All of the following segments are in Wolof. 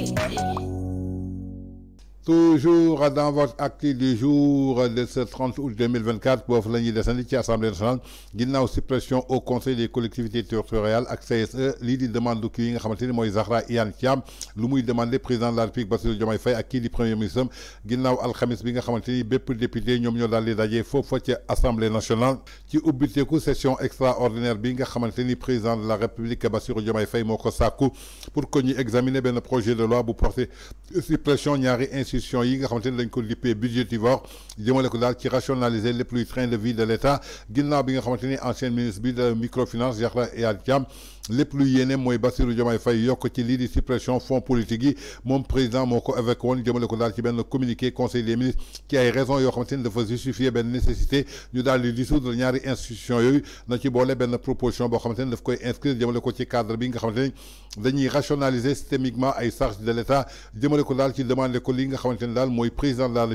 Yeah. toujours dans votre acte du jour de ce 30 août 2024 boofu la ñuy desandi ci assemblée nationale aussi suppression au conseil des collectivités territoriales accès CSE di demande kii yi nga xamante ni Zahra Iyane Thiam lu muy demandé président de la République Bassirou Diomaye Faye ak kii di premier ministre il ginnaaw alxamis bi nga xamante ni bépp député ñoom ñoo daal di daje foofu ci assemblée nationale ci ubbiteeku session extraordinaire bi nga président de la République Bassirou Diomaye Faye moo ko pour que ñu examiner benn projet de loi pour porter suppression ñaari institutions institution yi nga xamante ne dañ ko lippee budgétivore jëmale ko daal ci rationaliser plus train de vie de l'État ginnaaw bi nga xamante ancien ministre bi de microfinance Yahya et Thiam les plus yéene mooy Bassirou Diomaye Faye yokk ci lii di suppression fonds politique mon président moko avec évoqué woon jëmale ko qui ci de communiqué conseil des ministres ci ay raison yo, xamante de faire justifier ben, nécessité ñu daal di dissoudre ñaari institution yooyu na ci boole ben, proposition boo xamante ni daf koy inscrire jëmale ko ci cadre bi nga xamante ni dañuy rationaliser systémiquement ay charges de l'État jëmale ko daal ci demander ko li en général, moi, prise président de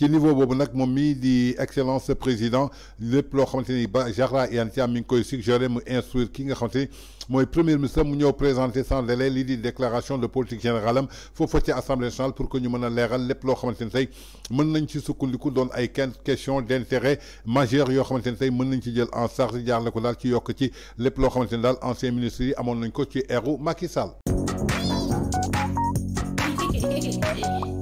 ci niveau bobu nak mom mi di excellence président lepp lo xamanteni ba Zahra Iyane Thiam mi koy suggérer mu instruire ki nga xamanteni moy premier ministre mu ñeu présenter sans délai l'idée di déclaration de politique générale am fo ci assemblée nationale pour que ñu mëna léral lepp lo xamanteni tay ni mën nañ ci sukkandiku don ay question d'intérêt majeur yo xamanteni tay tey mën nañ ci jël en charge jaarale ko daal ci yok ci lepp lo xamanteni dal ancien ministre yi nañ ko ci héros Macky Sall.